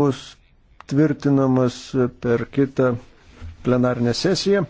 bus tvirtinamas per kitą plenarinę sesiją.